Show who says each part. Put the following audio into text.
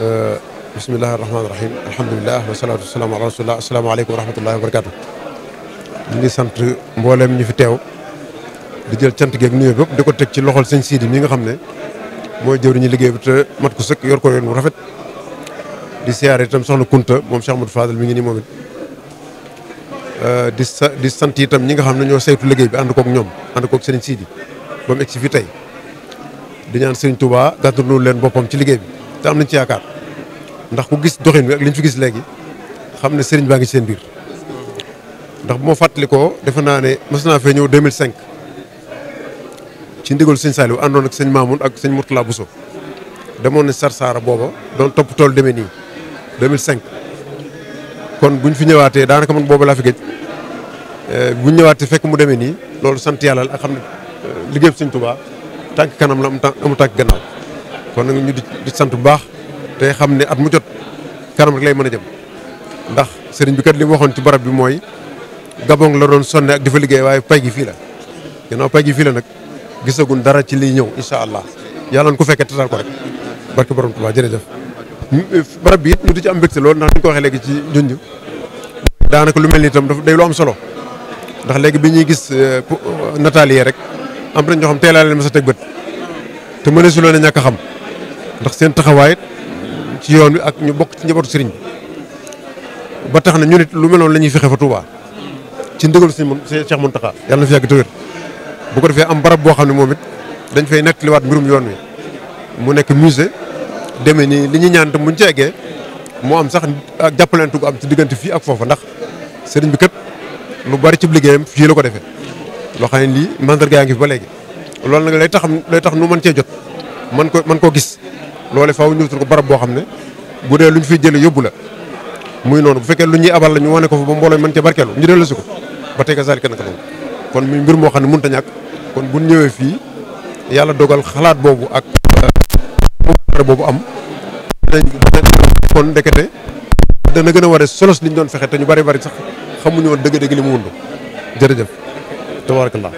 Speaker 1: Euh, bisimilah rahmaani rahiim alhamdulilah wasalaatu wasalaamu ala rasulillah asalaamaaleykum wa rahmatullahi wa barakaatu. ñu ngi sant mboolem ñi fi teew di jël cant geeg nuyoo bépp di ko teg ci loxol sëñ Sidi mi nga xam ne mooy ñu liggéey bi te mat ko sëkk yor ko yoon bu rafet. di siyaare itam soxna Kunta moom Cheikh Amadou Fadel mi ngi nii moom euh, di sa di sant itam ñi nga xam ne ñoo saytu liggéey bi ànd koog ñoom ànd koog sëriñ Sidi ba mu egg si fii tey di ñaan sëriñ Touba gàttandu leen boppam ci liggéey bi. te am nañ ci yaakaar ndax ku gis doxin bi ak liñ fi gis léegi xam ne sëriñ baa ngi ci seen biir ndax bu ma fàttalikoo defe naa ne mas naa fee ñëw 2005 ci ndigal sëñ Saliou àndoon ak sëñ Mamoun ak sëñ Mourtala Bousso demoon ne Sarsara booba doon topp tool demee nii 2005. kon buñ fi ñëwaatee daanaka man booba laa fi géej eh, buñ ñëwaatee fekk mu demee nii loolu sant yàllal ak xam ne eh, liggéeyam sëñ Touba tànk kanam la mu tànk gannaaw. kon nag ñu di sant bu baax te xam ne at mu jot kanam rek lay mën a jëm ndax sëriñ bi kat li waxoon ci barab bi mooy Gabon la doon sonne ak di fa liggéey waaye pay gi fii la ginnaaw pay gi fii la nag gisagun dara ci liy ñëw incha allah yàlla na ko fekkee tatal ko rek barke borom Tuubaa jërëjëf. Eh, barab bi it ñu di ci am mbégte loolu ndax ni ñu ko léegi ci junj daanaka lu mel ni daf day lu am solo ndax léegi bi ñuy gis eh, nataal yee rek am na ñoo xam teelaa leen ma sa teg bët te mëneesuloo na ñàkk xam. ndax seen taxawaay ci yoon wi ak ñu bokk ci njabootu sëriñ bi ba tax na ñu nit lu meloon la ñuy fexe fa Touba ci ndigal sëñ Cheikh Mountakha yàlla na fi yàgg te wér bu ko defee am barab boo xam ne moom it dañ fay nettaliwaat mbirum yoon wi mu nekk musée demee nii li ñuy ñaan tam buñ ci eggee moo am sax ak jàppalante gu am ci diggante fii ak foofa ndax sëriñ bi kat lu bari ci liggéeyam fii la ko defee loo xam ba léegi loolu nag lay tax lay tax nu mën cee jot man ko mën loole faaw ñu wutal ko barab boo xam ne bu dee lu ñu fiy jële yóbbu la muy noonu bu fekkee lu ñuy abal la ñu wane ko fa ba mbooloo mën cee barkeelu ñu dellu si ko ba tey kasaali kenn ka noonu kon muy mbir moo xam ne mun a ñàkk kon bu ñëwee fii yàlla dogal xalaat boobu ak euh, boobu am dinañ kon ndekete dana gën a waree solos liñ doon fexe te ñu bari bari sax xamuñu woon dëgg-dëgg li mu wund jërëjëf tabarakallah